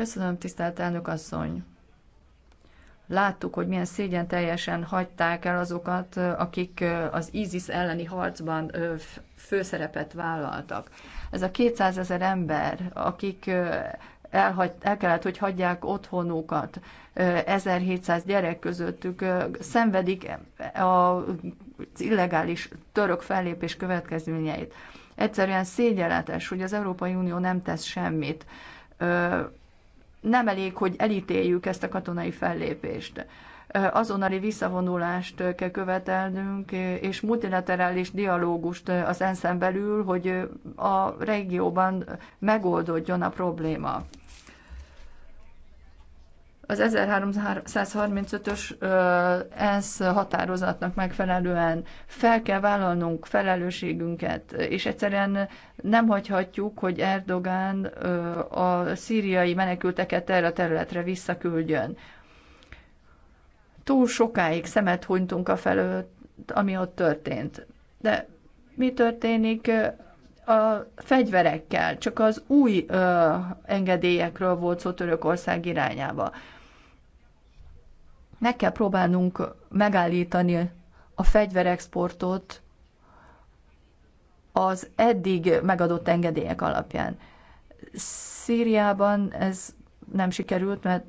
Köszönöm, tisztelt elnök asszony! Láttuk, hogy milyen szégyen teljesen hagyták el azokat, akik az ISIS elleni harcban főszerepet vállaltak. Ez a 200 ezer ember, akik elhagy, el kellett, hogy hagyják otthonukat, 1700 gyerek közöttük szenvedik az illegális török fellépés következményeit. Egyszerűen szégyenletes, hogy az Európai Unió nem tesz semmit nem elég, hogy elítéljük ezt a katonai fellépést. Azonnali visszavonulást kell követelnünk, és multilaterális dialógust az ensz belül, hogy a régióban megoldódjon a probléma az 1335-ös ENSZ határozatnak megfelelően fel kell vállalnunk felelősségünket, és egyszerűen nem hagyhatjuk, hogy Erdogán a szíriai menekülteket erre a területre visszaküldjön. Túl sokáig szemet hunytunk a felőtt, ami ott történt. De mi történik a fegyverekkel? Csak az új ö, engedélyekről volt szó Törökország irányába meg kell próbálnunk megállítani a fegyverexportot az eddig megadott engedélyek alapján. Szíriában ez nem sikerült, mert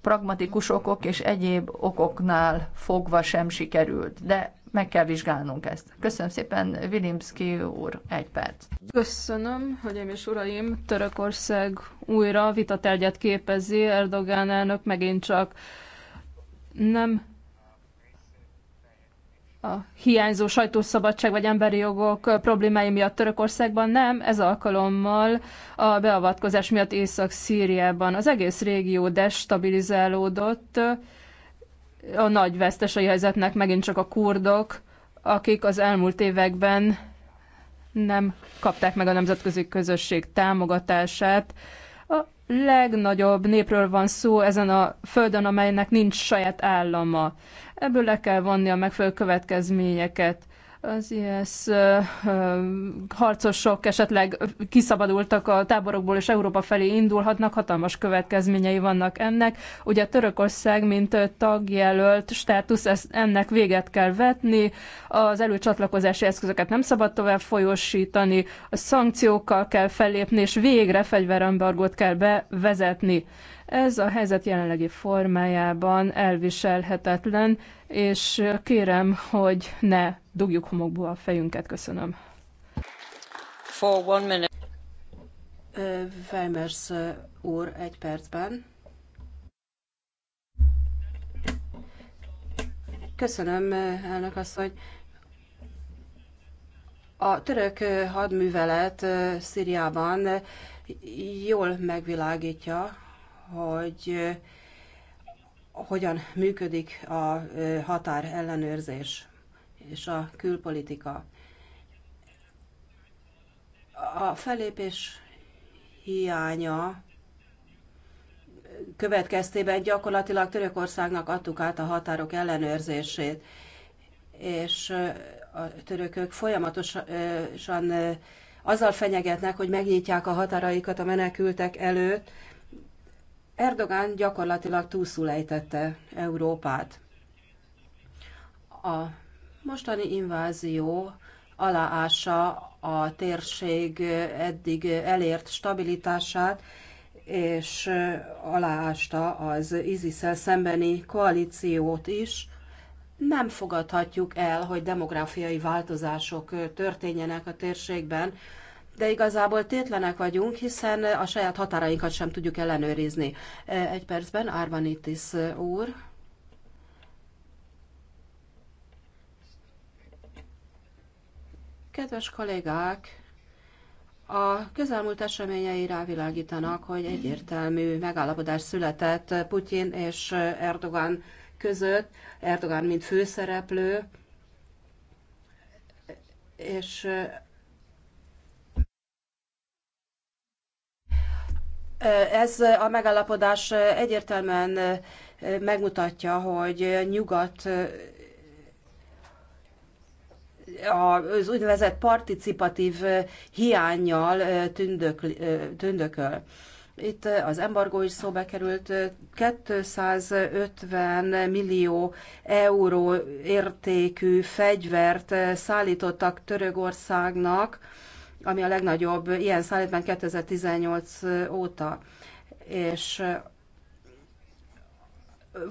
pragmatikus okok és egyéb okoknál fogva sem sikerült, de meg kell vizsgálnunk ezt. Köszönöm szépen, Vilimszki úr, egy perc. Köszönöm, hölgyeim és uraim, Törökország újra vitatárgyat képezi, Erdogán elnök megint csak nem a hiányzó sajtószabadság vagy emberi jogok problémái miatt Törökországban, nem, ez alkalommal a beavatkozás miatt Észak-Szíriában. Az egész régió destabilizálódott, a nagy vesztesei helyzetnek megint csak a kurdok, akik az elmúlt években nem kapták meg a nemzetközi közösség támogatását. A legnagyobb népről van szó ezen a földön, amelynek nincs saját állama. Ebből le kell vonni a megfelelő következményeket az IS harcosok esetleg kiszabadultak a táborokból, és Európa felé indulhatnak, hatalmas következményei vannak ennek. Ugye Törökország, mint tagjelölt státusz, ennek véget kell vetni, az előcsatlakozási eszközöket nem szabad tovább folyosítani, a szankciókkal kell fellépni, és végre fegyverembargót kell bevezetni. Ez a helyzet jelenlegi formájában elviselhetetlen, és kérem, hogy ne dugjuk homokba a fejünket. Köszönöm. For one minute. Weimers úr egy percben. Köszönöm, elnök asszony. A török hadművelet Szíriában jól megvilágítja, hogy hogyan működik a határ ellenőrzés és a külpolitika. A felépés hiánya következtében gyakorlatilag Törökországnak adtuk át a határok ellenőrzését, és a törökök folyamatosan azzal fenyegetnek, hogy megnyitják a határaikat a menekültek előtt, Erdogan gyakorlatilag túlszul ejtette Európát. A mostani invázió aláása a térség eddig elért stabilitását, és aláásta az isis szembeni koalíciót is. Nem fogadhatjuk el, hogy demográfiai változások történjenek a térségben, de igazából tétlenek vagyunk, hiszen a saját határainkat sem tudjuk ellenőrizni. E, egy percben Arvanitis úr. Kedves kollégák, a közelmúlt eseményei rávilágítanak, hogy egyértelmű megállapodás született Putyin és Erdogan között, Erdogan mint főszereplő, és Ez a megállapodás egyértelműen megmutatja, hogy nyugat az úgynevezett participatív hiányjal tündök, tündököl. Itt az embargó is szóba került, 250 millió euró értékű fegyvert szállítottak Törögországnak, ami a legnagyobb ilyen szállítmány 2018 óta. És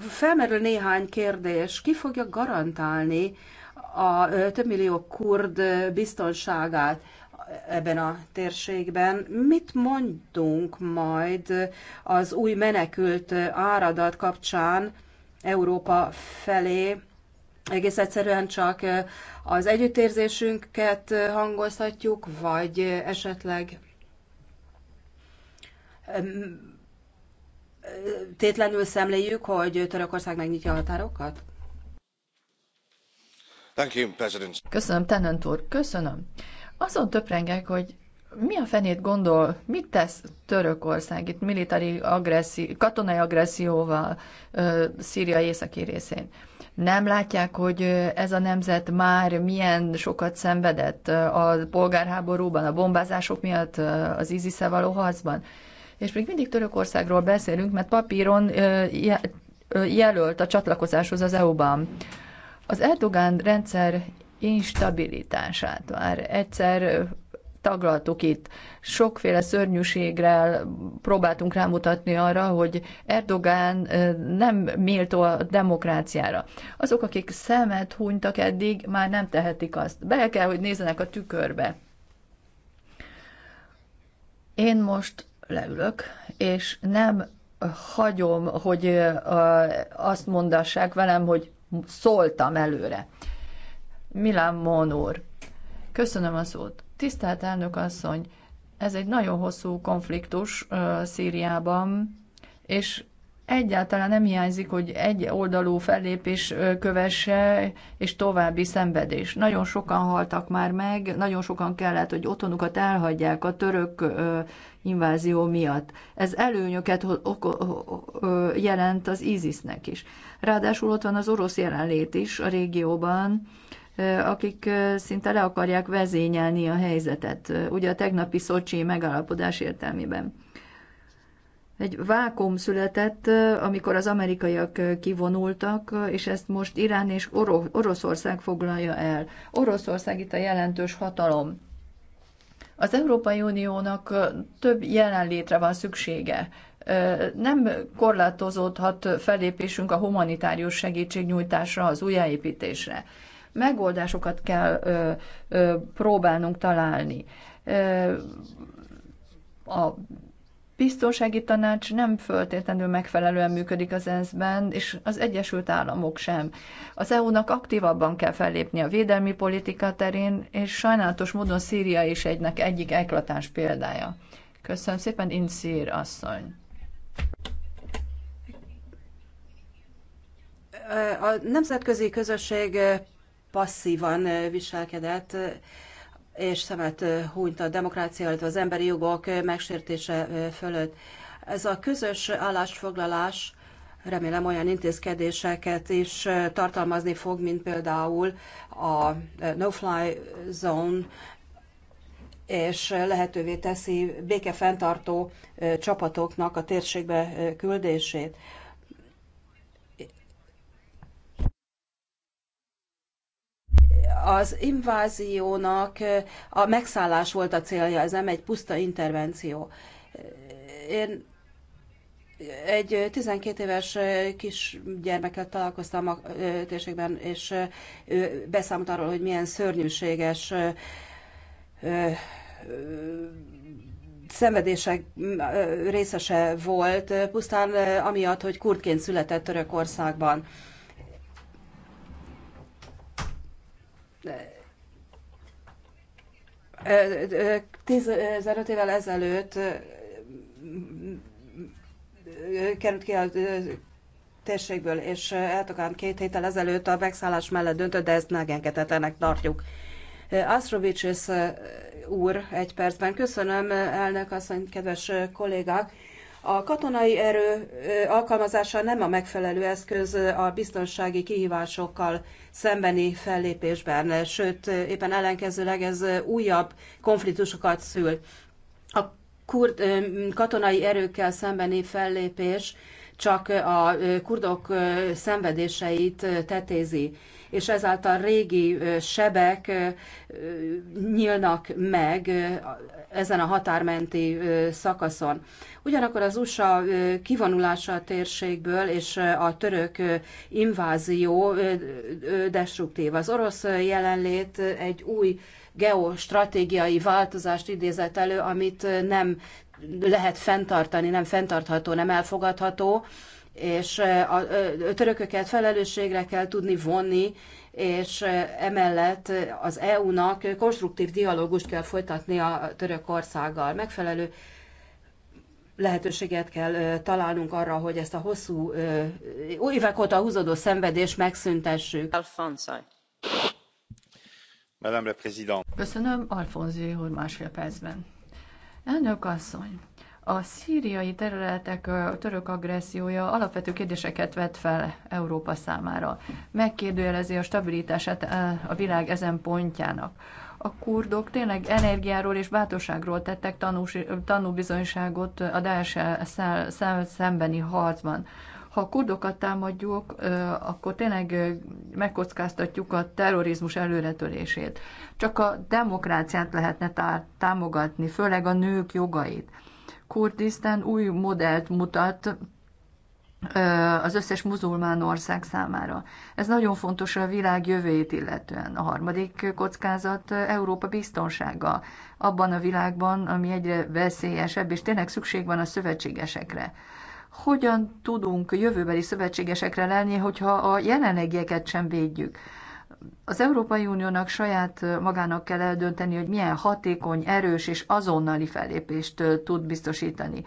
felmerül néhány kérdés, ki fogja garantálni a több millió kurd biztonságát ebben a térségben. Mit mondunk majd az új menekült áradat kapcsán Európa felé, egész egyszerűen csak az együttérzésünket hangozhatjuk, vagy esetleg tétlenül szemléljük, hogy Törökország megnyitja a határokat? You, köszönöm, Tennant úr, köszönöm. Azon töprengek, hogy mi a fenét gondol, mit tesz Törökország itt militári agresszi, katonai agresszióval ö, Szíria északi részén? nem látják, hogy ez a nemzet már milyen sokat szenvedett a polgárháborúban, a bombázások miatt, az isis való harcban. És még mindig Törökországról beszélünk, mert papíron jelölt a csatlakozáshoz az EU-ban. Az Erdogan rendszer instabilitását már egyszer taglaltuk itt. Sokféle szörnyűségrel próbáltunk rámutatni arra, hogy Erdogán nem méltó a demokráciára. Azok, akik szemet hunytak eddig, már nem tehetik azt. Be kell, hogy nézzenek a tükörbe. Én most leülök, és nem hagyom, hogy azt mondassák velem, hogy szóltam előre. Milán Monor, köszönöm a szót. Tisztelt elnök asszony, ez egy nagyon hosszú konfliktus uh, Szíriában, és egyáltalán nem hiányzik, hogy egy oldalú fellépés kövesse, és további szenvedés. Nagyon sokan haltak már meg, nagyon sokan kellett, hogy otthonukat elhagyják a török invázió miatt. Ez előnyöket jelent az ISIS-nek is. Ráadásul ott van az orosz jelenlét is a régióban, akik szinte le akarják vezényelni a helyzetet, ugye a tegnapi Szocsi megállapodás értelmében. Egy vákum született, amikor az amerikaiak kivonultak, és ezt most Irán és Oroszország foglalja el. Oroszország itt a jelentős hatalom. Az Európai Uniónak több jelenlétre van szüksége nem korlátozódhat felépésünk a humanitárius segítségnyújtásra, az újjáépítésre megoldásokat kell ö, ö, próbálnunk találni. Ö, a biztonsági tanács nem föltétlenül megfelelően működik az ENSZ-ben, és az Egyesült Államok sem. Az EU-nak aktívabban kell fellépni a védelmi politika terén, és sajnálatos módon Szíria is egynek egyik eklatás példája. Köszönöm szépen, Inszír asszony. A nemzetközi közösség passzívan viselkedett, és szemet hunyt a demokrácia, illetve az emberi jogok megsértése fölött. Ez a közös állásfoglalás remélem olyan intézkedéseket is tartalmazni fog, mint például a no-fly zone, és lehetővé teszi békefenntartó csapatoknak a térségbe küldését. az inváziónak a megszállás volt a célja, ez nem egy puszta intervenció. Én egy 12 éves kis gyermekkel találkoztam a térségben, és ő beszámolt arról, hogy milyen szörnyűséges szenvedések részese volt, pusztán amiatt, hogy kurdként született Törökországban. 15 évvel ezelőtt került ki a térségből, és eltokán két héttel ezelőtt a megszállás mellett döntött, de ezt megengedhetetlenek tartjuk. Asztrovicsis úr, egy percben. Köszönöm, elnök asszony, kedves kollégák. A katonai erő alkalmazása nem a megfelelő eszköz a biztonsági kihívásokkal szembeni fellépésben, sőt, éppen ellenkezőleg ez újabb konfliktusokat szül. A kurd, katonai erőkkel szembeni fellépés csak a kurdok szenvedéseit tetézi és ezáltal régi sebek nyílnak meg ezen a határmenti szakaszon. Ugyanakkor az USA kivonulása a térségből és a török invázió destruktív. Az orosz jelenlét egy új geostratégiai változást idézett elő, amit nem lehet fenntartani, nem fenntartható, nem elfogadható és a törököket felelősségre kell tudni vonni, és emellett az EU-nak konstruktív dialógust kell folytatni a országgal. Megfelelő lehetőséget kell találnunk arra, hogy ezt a hosszú évek óta húzódó szenvedést megszüntessük. Madame la Köszönöm, Alfonzi úr másfél percben. Elnök asszony, a szíriai területek török agressziója alapvető kérdéseket vet fel Európa számára. Megkérdőjelezi a stabilitását a világ ezen pontjának. A kurdok tényleg energiáról és bátorságról tettek tanúbizonyságot a Daesh szembeni harcban. Ha a kurdokat támadjuk, akkor tényleg megkockáztatjuk a terrorizmus előretörését. Csak a demokráciát lehetne támogatni, főleg a nők jogait Kurdisztán új modellt mutat az összes muzulmán ország számára. Ez nagyon fontos a világ jövőjét illetően. A harmadik kockázat Európa biztonsága abban a világban, ami egyre veszélyesebb, és tényleg szükség van a szövetségesekre. Hogyan tudunk jövőbeli szövetségesekre lenni, hogyha a jelenlegieket sem védjük? Az Európai Uniónak saját magának kell eldönteni, hogy milyen hatékony, erős és azonnali fellépést tud biztosítani.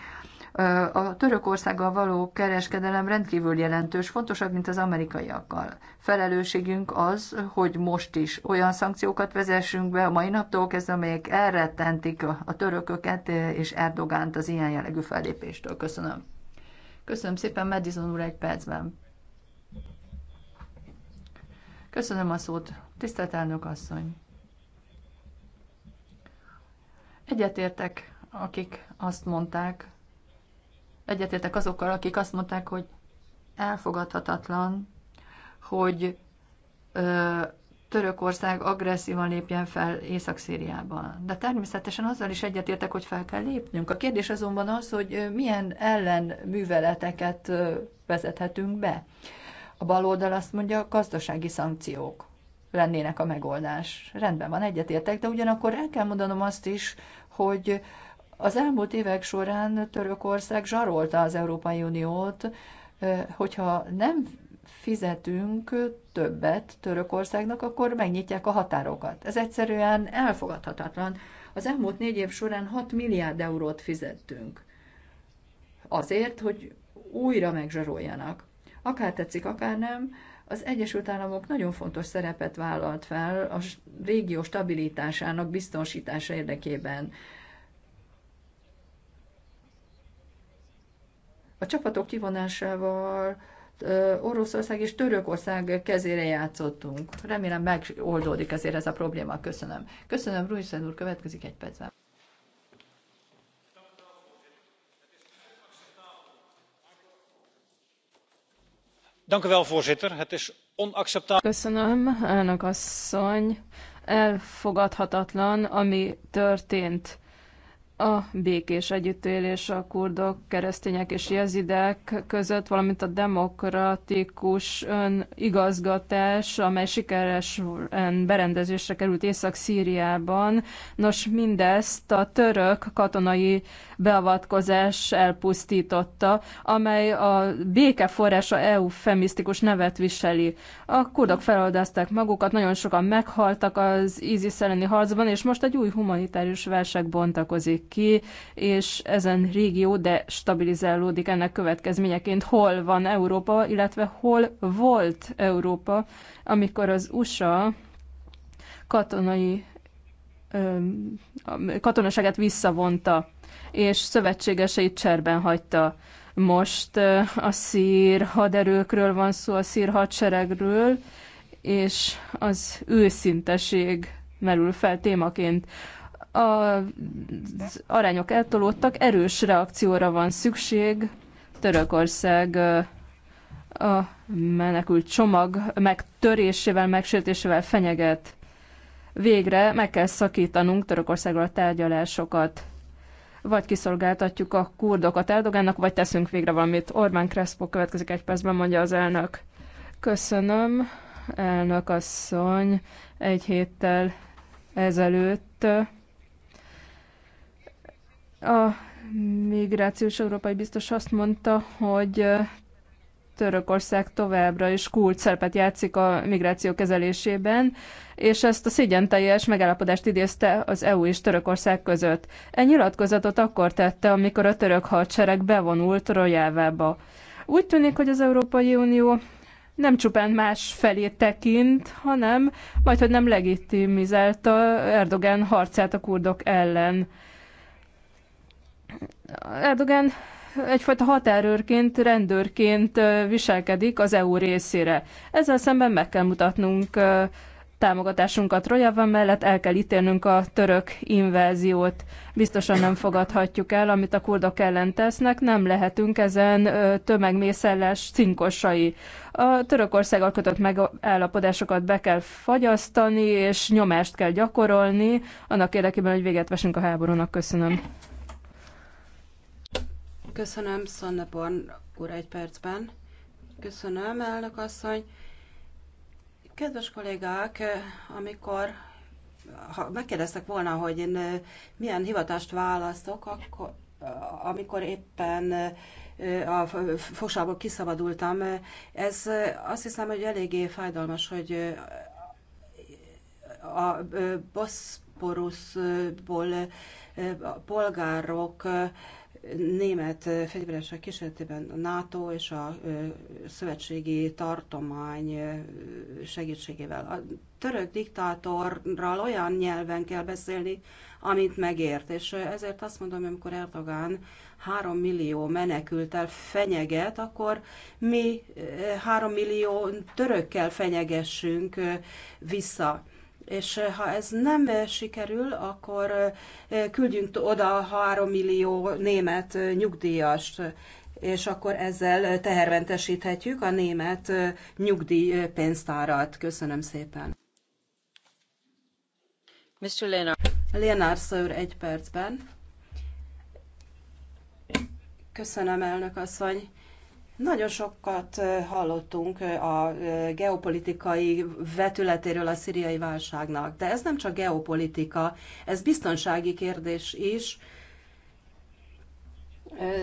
A Törökországgal való kereskedelem rendkívül jelentős, fontosabb, mint az amerikaiakkal. Felelősségünk az, hogy most is olyan szankciókat vezessünk be a mai naptól kezdve, amelyek elrettentik a törököket és Erdogánt az ilyen jellegű fellépéstől. Köszönöm. Köszönöm szépen, Madison úr, egy percben. Köszönöm a szót, tisztelt elnök asszony. Egyetértek, akik azt mondták, egyetértek azokkal, akik azt mondták, hogy elfogadhatatlan, hogy ö, Törökország agresszívan lépjen fel Észak-Szíriában. De természetesen azzal is egyetértek, hogy fel kell lépnünk. A kérdés azonban az, hogy milyen ellenműveleteket vezethetünk be. A baloldal azt mondja, gazdasági szankciók lennének a megoldás. Rendben van, egyetértek, de ugyanakkor el kell mondanom azt is, hogy az elmúlt évek során Törökország zsarolta az Európai Uniót, hogyha nem fizetünk többet Törökországnak, akkor megnyitják a határokat. Ez egyszerűen elfogadhatatlan. Az elmúlt négy év során 6 milliárd eurót fizettünk azért, hogy újra megzsaroljanak. Akár tetszik, akár nem, az Egyesült Államok nagyon fontos szerepet vállalt fel a régió stabilitásának biztonsítása érdekében. A csapatok kivonásával Oroszország és Törökország kezére játszottunk. Remélem megoldódik ezért ez a probléma. Köszönöm. Köszönöm, Ruhiszen úr, következik egy percben. voorzitter het is onacceptabel. köszönöm elnök asszony elfogadhatatlan ami történt a békés együttélés a kurdok, keresztények és jezidek között, valamint a demokratikus igazgatás, amely sikeres berendezésre került Észak-Szíriában. Nos, mindezt a török katonai beavatkozás elpusztította, amely a béke forrása eufemisztikus nevet viseli. A kurdok feloldázták magukat, nagyon sokan meghaltak az ISIS elleni harcban, és most egy új humanitárius válság bontakozik ki, és ezen régió de stabilizálódik ennek következményeként, hol van Európa, illetve hol volt Európa, amikor az USA katonai katonaságát visszavonta, és szövetségeseit cserben hagyta. Most a szír haderőkről van szó, a szír hadseregről, és az őszinteség merül fel témaként az arányok eltolódtak, erős reakcióra van szükség. Törökország a menekült csomag megtörésével, megsértésével fenyeget. Végre meg kell szakítanunk Törökországról a tárgyalásokat. Vagy kiszolgáltatjuk a kurdokat Erdogánnak, vagy teszünk végre valamit. Orbán Crespo következik egy percben, mondja az elnök. Köszönöm, elnök asszony. Egy héttel ezelőtt a migrációs európai biztos azt mondta, hogy Törökország továbbra is kult szerepet játszik a migráció kezelésében, és ezt a szégyen teljes megállapodást idézte az EU és Törökország között. E nyilatkozatot akkor tette, amikor a török hadsereg bevonult Rojávába. Úgy tűnik, hogy az Európai Unió nem csupán más felé tekint, hanem majd, hogy nem legitimizálta Erdogan harcát a kurdok ellen. Erdogan egyfajta határőrként, rendőrként viselkedik az EU részére. Ezzel szemben meg kell mutatnunk támogatásunkat Rojavan mellett, el kell ítélnünk a török inváziót. Biztosan nem fogadhatjuk el, amit a kurdok ellen tesznek, nem lehetünk ezen tömegmészellás cinkosai. A Törökországgal kötött megállapodásokat be kell fagyasztani, és nyomást kell gyakorolni, annak érdekében, hogy véget vessünk a háborúnak. Köszönöm. Köszönöm, Born úr, egy percben. Köszönöm, elnök asszony. Kedves kollégák, amikor ha megkérdeztek volna, hogy én eh, milyen hivatást választok, akkor, eh, amikor éppen eh, a fosából kiszabadultam, ez azt hiszem, hogy eléggé fájdalmas, hogy a boszporuszból a polgárok német fegyveresek kísérletében a NATO és a szövetségi tartomány segítségével. A török diktátorral olyan nyelven kell beszélni, amit megért, és ezért azt mondom, amikor Erdogan három millió menekültel fenyeget, akkor mi három millió törökkel fenyegessünk vissza. És ha ez nem sikerül, akkor küldjünk oda 3 millió német nyugdíjast, és akkor ezzel tehermentesíthetjük a német nyugdíjpénztárat. Köszönöm szépen. Mr. Lénár. Lénár szőr egy percben. Köszönöm, elnök asszony. Nagyon sokat hallottunk a geopolitikai vetületéről a szíriai válságnak, de ez nem csak geopolitika, ez biztonsági kérdés is.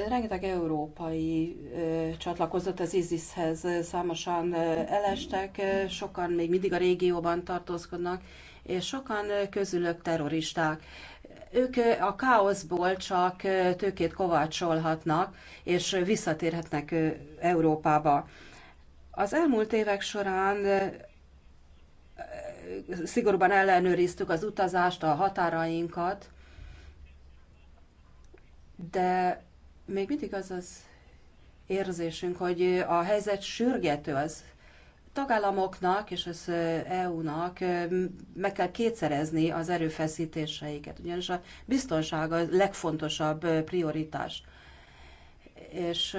Rengeteg európai csatlakozott az ISIS-hez, számosan elestek, sokan még mindig a régióban tartózkodnak, és sokan közülök terroristák ők a káoszból csak tőkét kovácsolhatnak, és visszatérhetnek Európába. Az elmúlt évek során szigorúban ellenőriztük az utazást, a határainkat, de még mindig az az érzésünk, hogy a helyzet sürgető, az tagállamoknak és az EU-nak meg kell kétszerezni az erőfeszítéseiket, ugyanis a biztonság a legfontosabb prioritás. És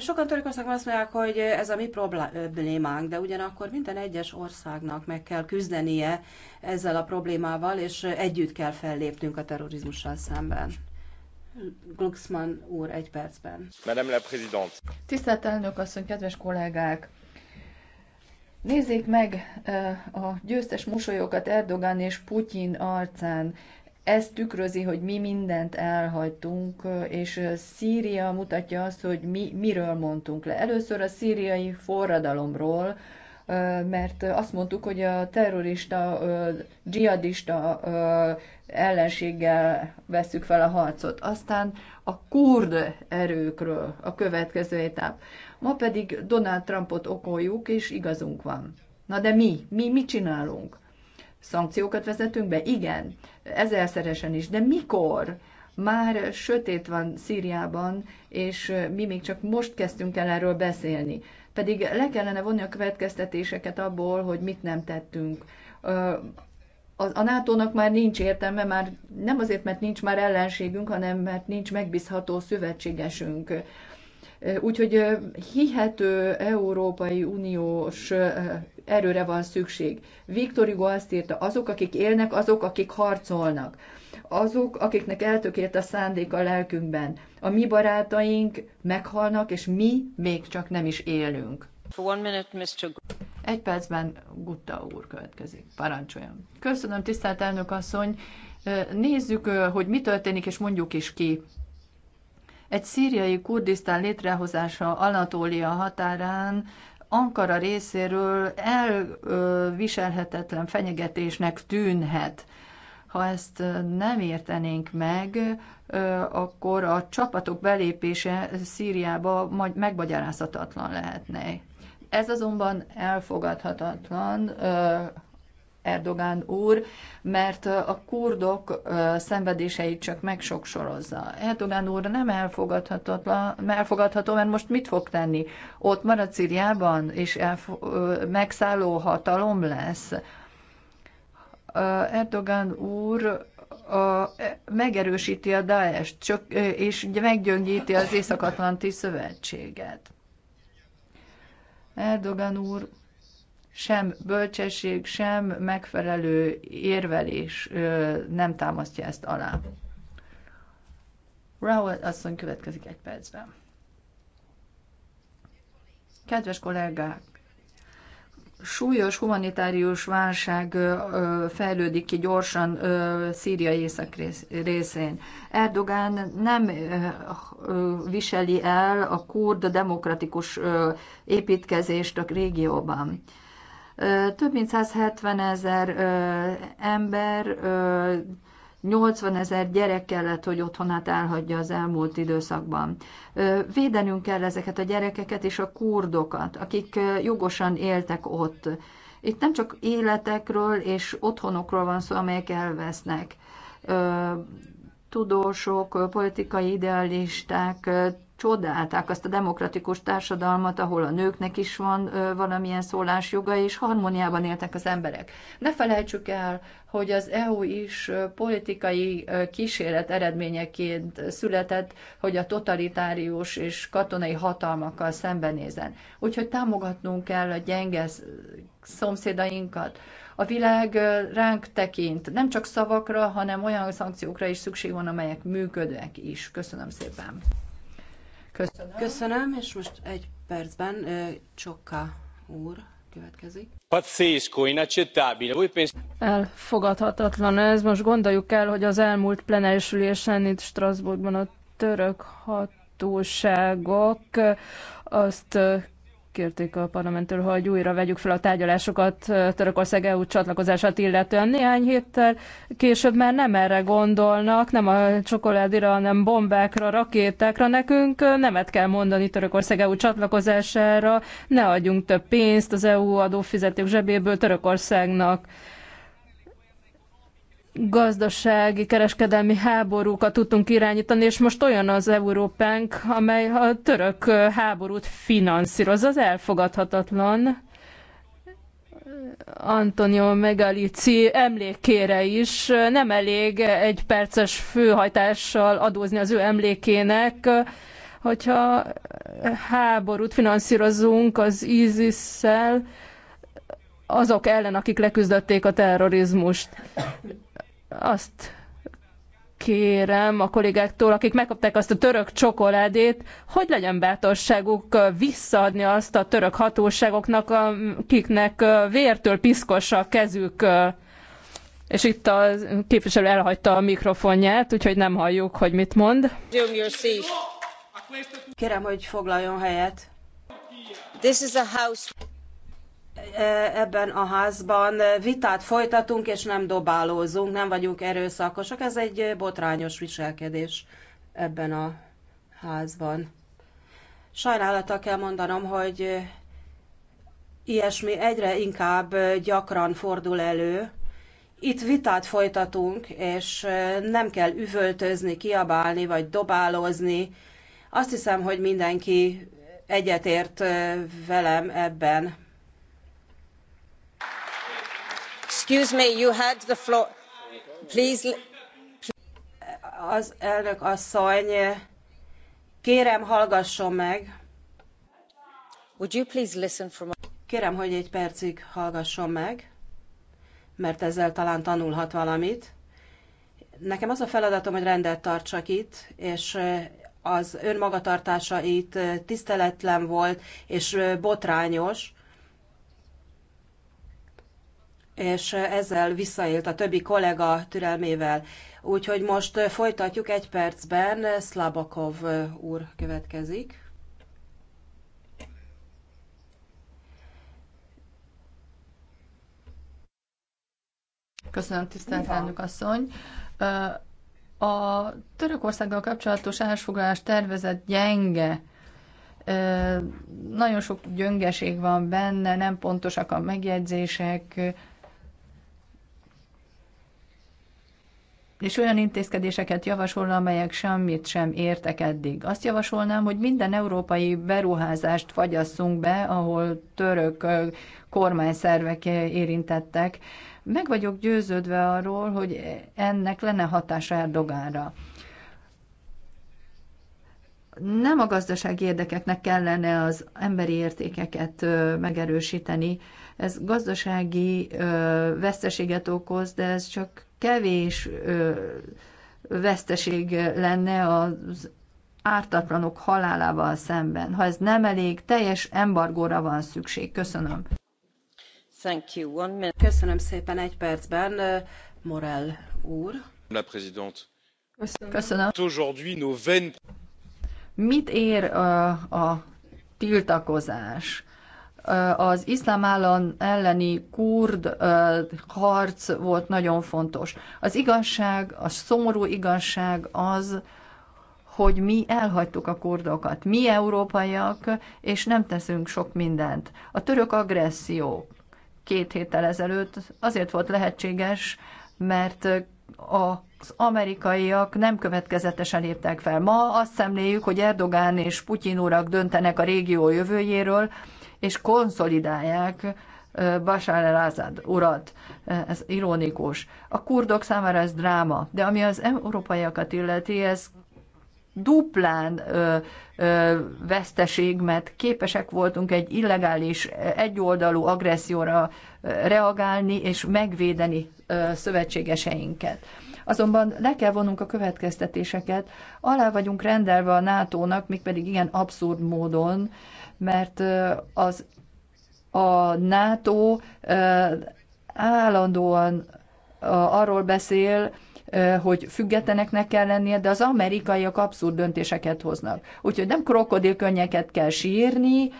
sokan Törökországban azt mondják, hogy ez a mi problémánk, de ugyanakkor minden egyes országnak meg kell küzdenie ezzel a problémával, és együtt kell fellépnünk a terrorizmussal szemben. Glucksmann úr egy percben. Madame la Présidente. Tisztelt elnök asszony, kedves kollégák! Nézzék meg a győztes mosolyokat Erdogan és Putyin arcán. Ez tükrözi, hogy mi mindent elhagytunk, és Szíria mutatja azt, hogy mi miről mondtunk le. Először a szíriai forradalomról, mert azt mondtuk, hogy a terrorista, dzsihadista ellenséggel veszük fel a harcot. Aztán a kurd erőkről a következő etap. Ma pedig Donald Trumpot okoljuk, és igazunk van. Na de mi? Mi mit csinálunk? Szankciókat vezetünk be? Igen, ezerszeresen is. De mikor? Már sötét van Szíriában, és mi még csak most kezdtünk el erről beszélni pedig le kellene vonni a következtetéseket abból, hogy mit nem tettünk. A NATO-nak már nincs értelme, már nem azért, mert nincs már ellenségünk, hanem mert nincs megbízható szövetségesünk. Úgyhogy hihető Európai Uniós erőre van szükség. Viktor Hugo azt írta, azok, akik élnek, azok, akik harcolnak azok, akiknek eltökélt a szándék a lelkünkben. A mi barátaink meghalnak, és mi még csak nem is élünk. Egy percben Gutta úr következik. Parancsoljon. Köszönöm, tisztelt elnök asszony. Nézzük, hogy mi történik, és mondjuk is ki. Egy szíriai Kurdisztán létrehozása Anatólia határán Ankara részéről elviselhetetlen fenyegetésnek tűnhet ha ezt nem értenénk meg, akkor a csapatok belépése Szíriába megmagyarázhatatlan lehetne. Ez azonban elfogadhatatlan, Erdogán úr, mert a kurdok szenvedéseit csak megsoksorozza. Erdogán úr nem elfogadható, mert most mit fog tenni? Ott marad Szíriában, és megszálló hatalom lesz. Erdogan úr a, megerősíti a Daest, csak, és meggyöngíti az Észak-Atlanti Szövetséget. Erdogan úr sem bölcsesség, sem megfelelő érvelés nem támasztja ezt alá. Raúl asszony következik egy percben. Kedves kollégák! súlyos humanitárius válság fejlődik ki gyorsan Szíria észak részén. Erdogán nem viseli el a kurd demokratikus építkezést a régióban. Több mint 170 ezer ember 80 ezer gyerek kellett, hogy otthonát elhagyja az elmúlt időszakban. Védenünk kell ezeket a gyerekeket és a kurdokat, akik jogosan éltek ott. Itt nem csak életekről és otthonokról van szó, amelyek elvesznek. Tudósok, politikai idealisták, csodálták azt a demokratikus társadalmat, ahol a nőknek is van valamilyen szólásjoga, és harmóniában éltek az emberek. Ne felejtsük el, hogy az EU is politikai kísérlet eredményeként született, hogy a totalitárius és katonai hatalmakkal szembenézen. Úgyhogy támogatnunk kell a gyenge szomszédainkat. A világ ránk tekint, nem csak szavakra, hanem olyan szankciókra is szükség van, amelyek működnek is. Köszönöm szépen! Köszönöm. Köszönöm, és most egy percben Csokka úr következik. Pazzesco, inaccettabile. Voi Elfogadhatatlan ez. Most gondoljuk el, hogy az elmúlt plenáris ülésen itt Strasbourgban a török hatóságok azt kérték a parlamenttől, hogy újra vegyük fel a tárgyalásokat Törökország EU csatlakozását illetően. Néhány héttel később már nem erre gondolnak, nem a csokoládira, hanem bombákra, rakétákra. Nekünk nemet kell mondani Törökország EU csatlakozására, ne adjunk több pénzt az EU adófizetők zsebéből Törökországnak gazdasági, kereskedelmi háborúkat tudtunk irányítani, és most olyan az Európánk, amely a török háborút finanszíroz. Az elfogadhatatlan. Antonio Megalici emlékére is nem elég egy perces főhajtással adózni az ő emlékének, hogyha háborút finanszírozunk az ISIS-szel, azok ellen, akik leküzdötték a terrorizmust. Azt kérem a kollégáktól, akik megkapták azt a török csokoládét, hogy legyen bátorságuk visszaadni azt a török hatóságoknak, akiknek vértől piszkos a kezük, és itt a képviselő elhagyta a mikrofonját, úgyhogy nem halljuk, hogy mit mond. Kérem, hogy foglaljon helyet. This is a house. E, ebben a házban vitát folytatunk, és nem dobálózunk, nem vagyunk erőszakosak. Ez egy botrányos viselkedés ebben a házban. Sajnálata kell mondanom, hogy ilyesmi egyre inkább gyakran fordul elő. Itt vitát folytatunk, és nem kell üvöltözni, kiabálni vagy dobálózni. Azt hiszem, hogy mindenki egyetért velem ebben. excuse me you had the floor please az elnök asszony kérem hallgasson meg would you please listen for kérem hogy egy percig hallgasson meg mert ezzel talán tanulhat valamit nekem az a feladatom hogy rendet tartsak itt és eh, az önmagatartása itt eh, tiszteletlen volt és eh, botrányos és ezzel visszaélt a többi kollega türelmével. Úgyhogy most folytatjuk egy percben, Szlabakov úr következik. Köszönöm, tisztelt elnök asszony. A Törökországgal kapcsolatos állásfoglalás tervezet gyenge. Nagyon sok gyöngeség van benne, nem pontosak a megjegyzések, és olyan intézkedéseket javasolna, amelyek semmit sem értek eddig. Azt javasolnám, hogy minden európai beruházást fagyasszunk be, ahol török kormányszervek érintettek. Meg vagyok győződve arról, hogy ennek lenne hatása Erdogánra nem a gazdasági érdekeknek kellene az emberi értékeket megerősíteni. Ez gazdasági veszteséget okoz, de ez csak kevés veszteség lenne az ártatlanok halálával szemben. Ha ez nem elég, teljes embargóra van szükség. Köszönöm. Thank you. One minute. Köszönöm szépen egy percben, Morel úr. La présidente. Köszönöm. Mit ér a, a tiltakozás? az iszlám állam elleni kurd harc volt nagyon fontos. Az igazság, a szomorú igazság az, hogy mi elhagytuk a kurdokat, mi európaiak, és nem teszünk sok mindent. A török agresszió két héttel ezelőtt azért volt lehetséges, mert az amerikaiak nem következetesen léptek fel. Ma azt szemléljük, hogy Erdogán és Putyin urak döntenek a régió jövőjéről, és konszolidálják Bashar el azad urat. Ez ironikus. A kurdok számára ez dráma, de ami az európaiakat illeti, ez duplán ö, ö, veszteség, mert képesek voltunk egy illegális, egyoldalú agresszióra reagálni és megvédeni ö, szövetségeseinket. Azonban le kell vonnunk a következtetéseket, alá vagyunk rendelve a NATO-nak, mégpedig igen abszurd módon, ö, mert az a NATO állandóan arról beszél, hogy függeteneknek kell lennie, de az amerikaiak abszurd döntéseket hoznak. Úgyhogy nem krokodilkönnyeket kell sírni,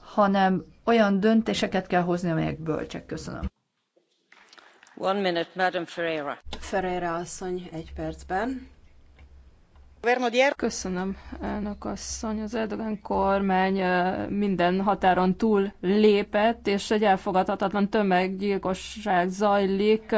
hanem olyan döntéseket kell hozni, amelyek bölcsek. Köszönöm. One minute, Madam Ferreira. Ferreira asszony, egy percben. Er- Köszönöm, elnök asszony. Az Erdogan kormány minden határon túl lépett, és egy elfogadhatatlan tömeggyilkosság zajlik,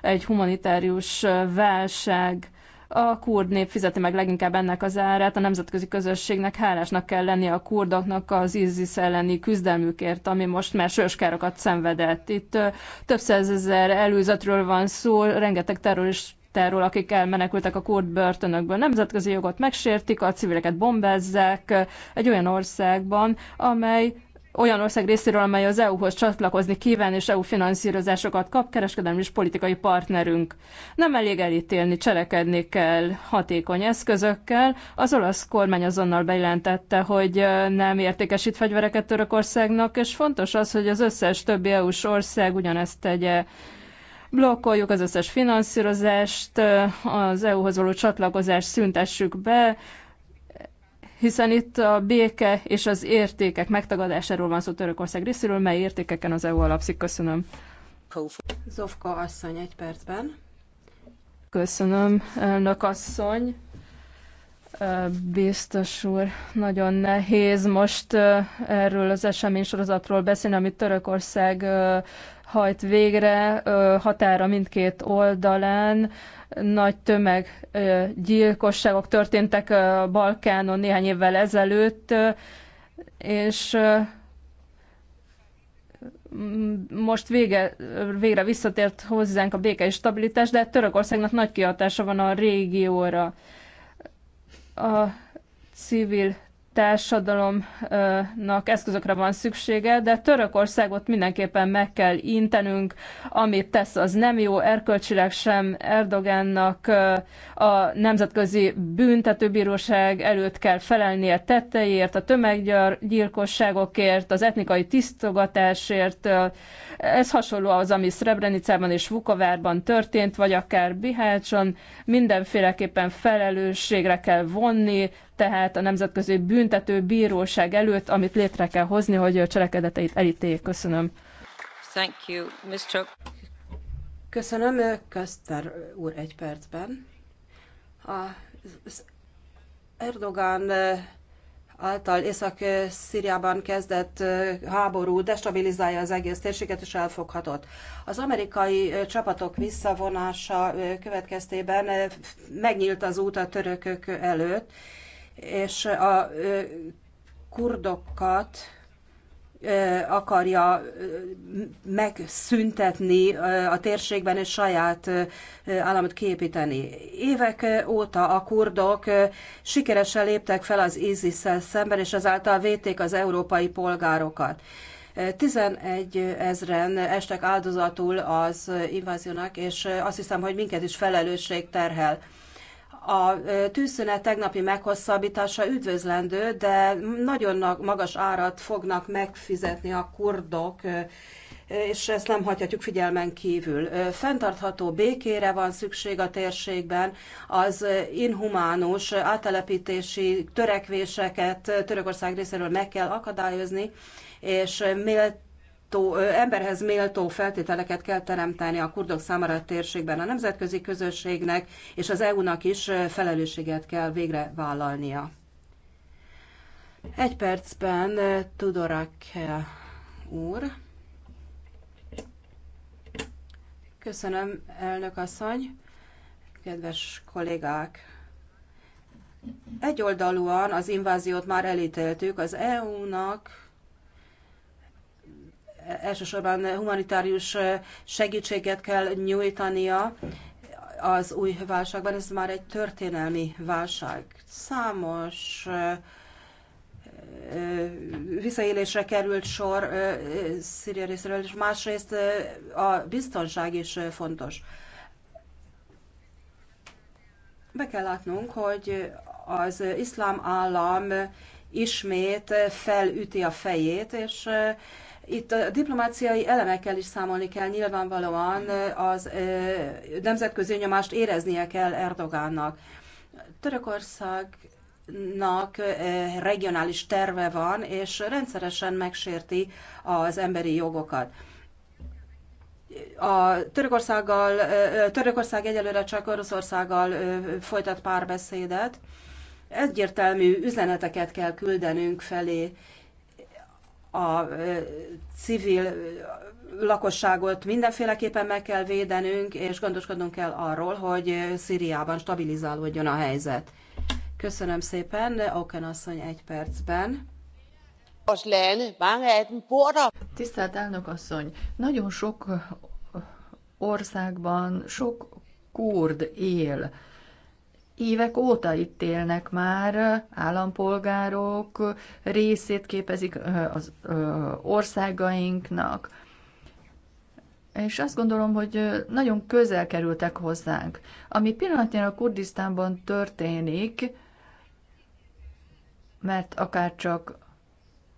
egy humanitárius válság. A kurd nép fizeti meg leginkább ennek az árát, a nemzetközi közösségnek hálásnak kell lennie a kurdoknak az ISIS elleni küzdelmükért, ami most már sőskárokat szenvedett. Itt több százezer előzetről van szó, rengeteg terrorist Haftáról, akik elmenekültek a kurd börtönökből. Nemzetközi jogot megsértik, a civileket bombázzák egy olyan országban, amely olyan ország részéről, amely az EU-hoz csatlakozni kíván, és EU finanszírozásokat kap, kereskedelmi és politikai partnerünk. Nem elég elítélni, cselekedni kell hatékony eszközökkel. Az olasz kormány azonnal bejelentette, hogy nem értékesít fegyvereket Törökországnak, és fontos az, hogy az összes többi EU-s ország ugyanezt tegye blokkoljuk az összes finanszírozást, az EU-hoz való csatlakozást szüntessük be, hiszen itt a béke és az értékek megtagadásáról van szó Törökország részéről, mely értékeken az EU alapszik. Köszönöm. Zovka asszony egy percben. Köszönöm, elnök asszony. Biztos úr, nagyon nehéz most erről az eseménysorozatról beszélni, amit Törökország hajt végre határa mindkét oldalán. Nagy tömeg gyilkosságok történtek a Balkánon néhány évvel ezelőtt, és most vége, végre visszatért hozzánk a béke és stabilitás, de Törökországnak nagy kihatása van a régióra. A civil társadalomnak eszközökre van szüksége, de Törökországot mindenképpen meg kell intenünk, amit tesz, az nem jó, erkölcsileg sem Erdogannak a Nemzetközi Büntetőbíróság előtt kell felelnie tetteiért, a tömeggyilkosságokért, az etnikai tisztogatásért. Ez hasonló az, ami Srebrenicában és Vukovárban történt, vagy akár Bihácson. Mindenféleképpen felelősségre kell vonni tehát a Nemzetközi Büntető Bíróság előtt, amit létre kell hozni, hogy a cselekedeteit elítéljék. Köszönöm. Thank you, Mr. Köszönöm, Köszter úr egy percben. A Erdogan által Észak-Szíriában kezdett háború destabilizálja az egész térséget és elfoghatott. Az amerikai csapatok visszavonása következtében megnyílt az út a törökök előtt, és a kurdokat akarja megszüntetni a térségben és saját államot kiépíteni. Évek óta a kurdok sikeresen léptek fel az isis szemben, és ezáltal védték az európai polgárokat. 11 ezren estek áldozatul az inváziónak, és azt hiszem, hogy minket is felelősség terhel. A tűzszünet tegnapi meghosszabbítása üdvözlendő, de nagyon magas árat fognak megfizetni a kurdok, és ezt nem hagyhatjuk figyelmen kívül. Fentartható békére van szükség a térségben, az inhumánus átelepítési törekvéseket Törökország részéről meg kell akadályozni, és mélt méltó, emberhez méltó feltételeket kell teremteni a kurdok számára a térségben. A nemzetközi közösségnek és az EU-nak is felelősséget kell végre vállalnia. Egy percben Tudorak úr. Köszönöm, elnök asszony, kedves kollégák. Egyoldalúan az inváziót már elítéltük, az EU-nak elsősorban humanitárius segítséget kell nyújtania az új válságban. Ez már egy történelmi válság. Számos visszaélésre került sor Szíria részéről, és másrészt a biztonság is fontos. Be kell látnunk, hogy az iszlám állam ismét felüti a fejét, és itt a diplomáciai elemekkel is számolni kell, nyilvánvalóan az nemzetközi nyomást éreznie kell Erdogánnak. Törökországnak regionális terve van, és rendszeresen megsérti az emberi jogokat a Törökországgal, Törökország egyelőre csak Oroszországgal folytat párbeszédet. Egyértelmű üzeneteket kell küldenünk felé, a civil lakosságot mindenféleképpen meg kell védenünk, és gondoskodnunk kell arról, hogy Szíriában stabilizálódjon a helyzet. Köszönöm szépen, de Oken asszony egy percben. Tisztelt elnök asszony, nagyon sok országban sok kurd él évek óta itt élnek már állampolgárok, részét képezik az országainknak. És azt gondolom, hogy nagyon közel kerültek hozzánk. Ami pillanatnyilag Kurdisztánban történik, mert akár csak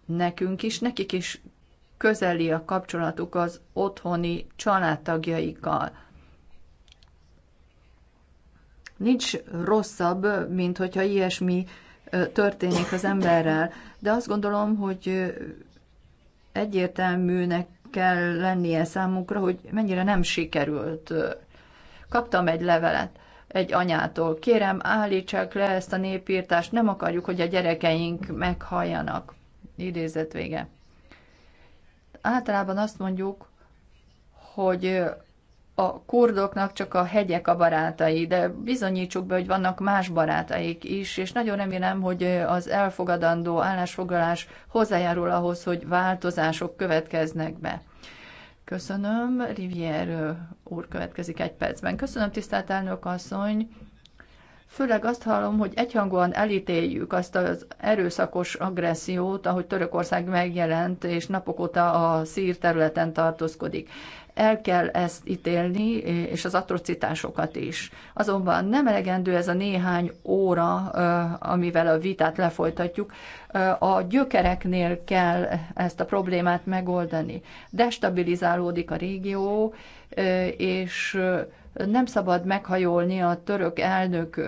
nekünk is, nekik is közeli a kapcsolatuk az otthoni családtagjaikkal Nincs rosszabb, mint hogyha ilyesmi történik az emberrel, de azt gondolom, hogy egyértelműnek kell lennie számukra, hogy mennyire nem sikerült. Kaptam egy levelet egy anyától, kérem, állítsák le ezt a népírtást, nem akarjuk, hogy a gyerekeink meghalljanak. Idézet vége. Általában azt mondjuk, hogy a kurdoknak csak a hegyek a barátai, de bizonyítsuk be, hogy vannak más barátaik is, és nagyon remélem, hogy az elfogadandó állásfoglalás hozzájárul ahhoz, hogy változások következnek be. Köszönöm, Rivier úr következik egy percben. Köszönöm, tisztelt elnök asszony. Főleg azt hallom, hogy egyhangúan elítéljük azt az erőszakos agressziót, ahogy Törökország megjelent, és napok óta a szír területen tartózkodik. El kell ezt ítélni, és az atrocitásokat is. Azonban nem elegendő ez a néhány óra, amivel a vitát lefolytatjuk. A gyökereknél kell ezt a problémát megoldani. Destabilizálódik a régió, és nem szabad meghajolni a török elnök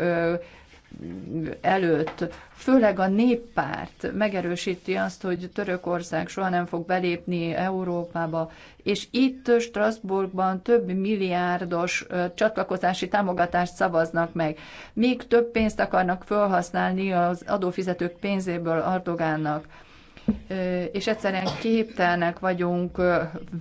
előtt, főleg a néppárt megerősíti azt, hogy Törökország soha nem fog belépni Európába, és itt Strasbourgban több milliárdos csatlakozási támogatást szavaznak meg. Még több pénzt akarnak felhasználni az adófizetők pénzéből Ardogánnak és egyszerűen képtelnek vagyunk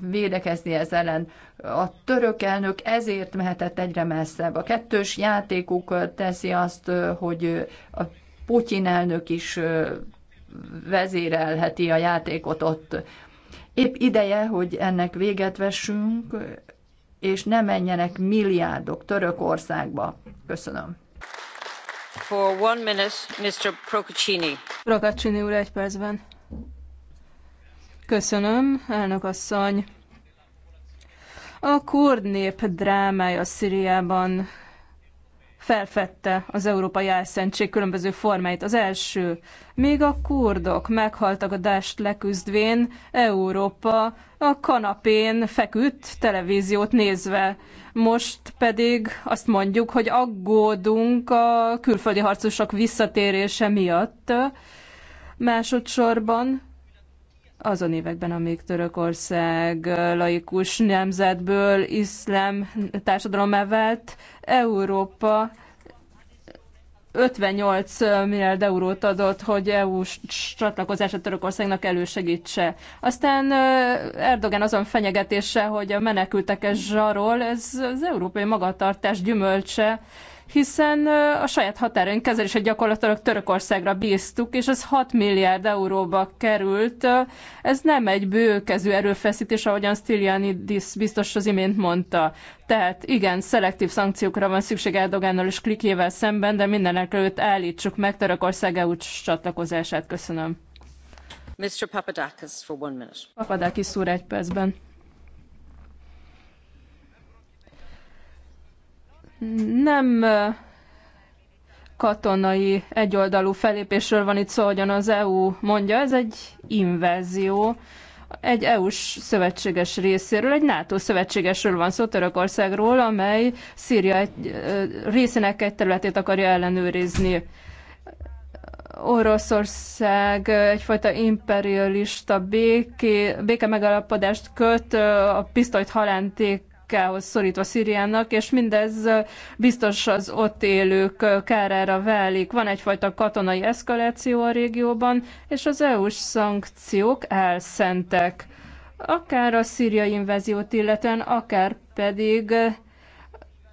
védekezni ez ellen. A török elnök ezért mehetett egyre messzebb. A kettős játékuk teszi azt, hogy a Putyin elnök is vezérelheti a játékot ott. Épp ideje, hogy ennek véget vessünk, és ne menjenek milliárdok Törökországba. Köszönöm. For one minute, Mr. Procaccini. Procaccini úr, egy percben. Köszönöm, elnök asszony. A kurd nép drámája Szíriában felfedte az európai álszentség különböző formáit. Az első, még a kurdok meghaltak a dást leküzdvén, Európa a kanapén feküdt, televíziót nézve. Most pedig azt mondjuk, hogy aggódunk a külföldi harcosok visszatérése miatt. Másodszorban azon években, amíg Törökország laikus nemzetből iszlám társadalom evelt, Európa 58 milliárd eurót adott, hogy EU csatlakozását Törökországnak elősegítse. Aztán Erdogan azon fenyegetése, hogy a menekültek zsarol, ez az európai magatartás gyümölcse, hiszen a saját határaink kezelését gyakorlatilag Törökországra bíztuk, és ez 6 milliárd euróba került. Ez nem egy bőkezű erőfeszítés, ahogyan Stylianidis biztos az imént mondta. Tehát igen, szelektív szankciókra van szükség Erdogánnal és klikjével szemben, de mindenek előtt állítsuk meg Törökország EU csatlakozását. Köszönöm. Mr. Papadakis for one minute. Papadakis úr egy percben. nem katonai egyoldalú felépésről van itt szó, ahogyan az EU mondja, ez egy invázió egy EU-s szövetséges részéről, egy NATO szövetségesről van szó, Törökországról, amely Szíria egy, részének egy területét akarja ellenőrizni. Oroszország egyfajta imperialista béké, béke megalapodást köt, a pisztolyt halánték Irakkához szorítva Szíriának, és mindez biztos az ott élők kárára válik. Van egyfajta katonai eszkaláció a régióban, és az EU-s szankciók elszentek. Akár a szíriai inváziót illetően akár pedig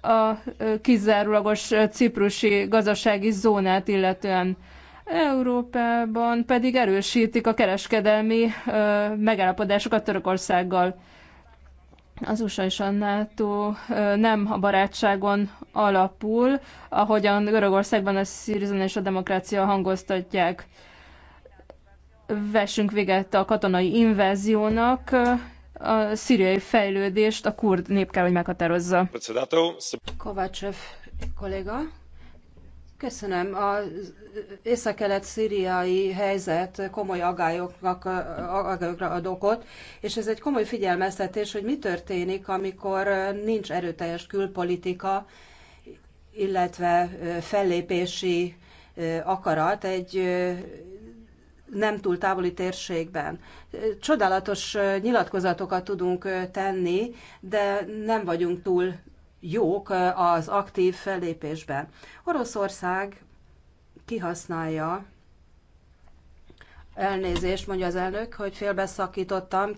a kizárólagos ciprusi gazdasági zónát illetően. Európában pedig erősítik a kereskedelmi megállapodásokat Törökországgal az USA és a NATO nem a barátságon alapul, ahogyan Görögországban a Szírizen és a demokrácia hangoztatják. Vessünk véget a katonai inváziónak, a szíriai fejlődést a kurd nép kell, hogy meghatározza. Kovácsev kolléga. Köszönöm. Az észak-kelet-szíriai helyzet komoly agályoknak, agályokra ad okot, és ez egy komoly figyelmeztetés, hogy mi történik, amikor nincs erőteljes külpolitika, illetve fellépési akarat egy nem túl távoli térségben. Csodálatos nyilatkozatokat tudunk tenni, de nem vagyunk túl jók eh, az aktív fellépésben. Oroszország kihasználja, elnézést mondja az elnök, hogy félbeszakítottam,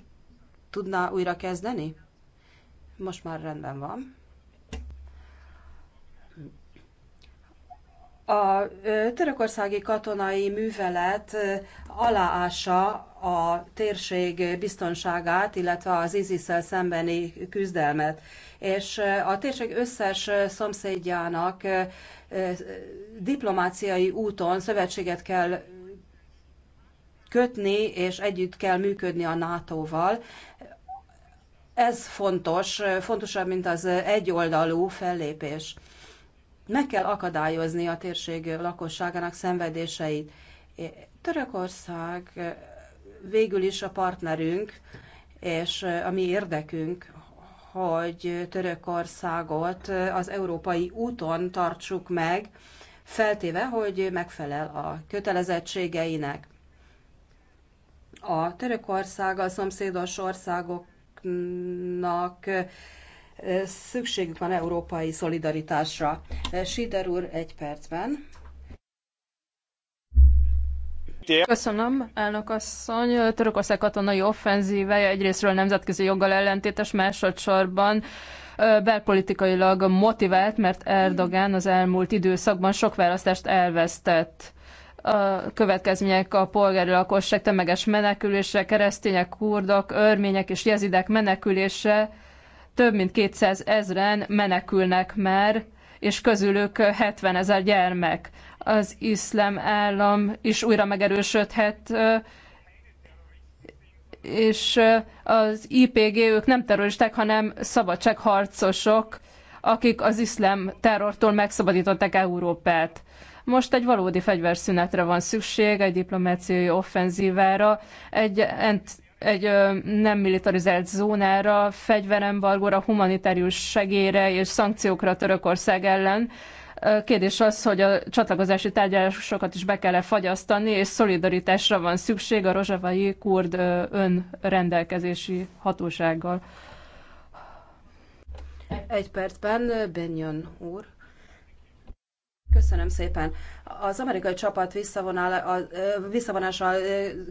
tudná újra kezdeni? Most már rendben van. A törökországi katonai művelet aláása a térség biztonságát, illetve az isis szembeni küzdelmet. És a térség összes szomszédjának diplomáciai úton szövetséget kell kötni, és együtt kell működni a NATO-val. Ez fontos, fontosabb, mint az egyoldalú fellépés. Meg kell akadályozni a térség lakosságának szenvedéseit. Törökország végül is a partnerünk, és a mi érdekünk, hogy Törökországot az európai úton tartsuk meg, feltéve, hogy megfelel a kötelezettségeinek. A Törökország a szomszédos országoknak szükségük van európai szolidaritásra. Sider úr, egy percben. Köszönöm, elnök asszony. Törökország katonai offenzívája egyrésztről nemzetközi joggal ellentétes, másodszorban belpolitikailag motivált, mert Erdogan az elmúlt időszakban sok választást elvesztett a következmények a polgári lakosság tömeges menekülése, keresztények, kurdok, örmények és jezidek menekülése. Több mint 200 ezren menekülnek már, és közülük 70 ezer gyermek az iszlám állam is újra megerősödhet, és az IPG ők nem terroristák, hanem szabadságharcosok, akik az iszlám terrortól megszabadították Európát. Most egy valódi fegyverszünetre van szükség, egy diplomáciai offenzívára, egy, egy nem militarizált zónára, fegyverembargóra, humanitárius segélyre és szankciókra Törökország ellen, Kérdés az, hogy a csatlakozási tárgyalásokat is be kell -e fagyasztani, és szolidaritásra van szükség a rozsavai kurd önrendelkezési hatósággal. Egy percben Benyon úr. Köszönöm szépen. Az amerikai csapat visszavonása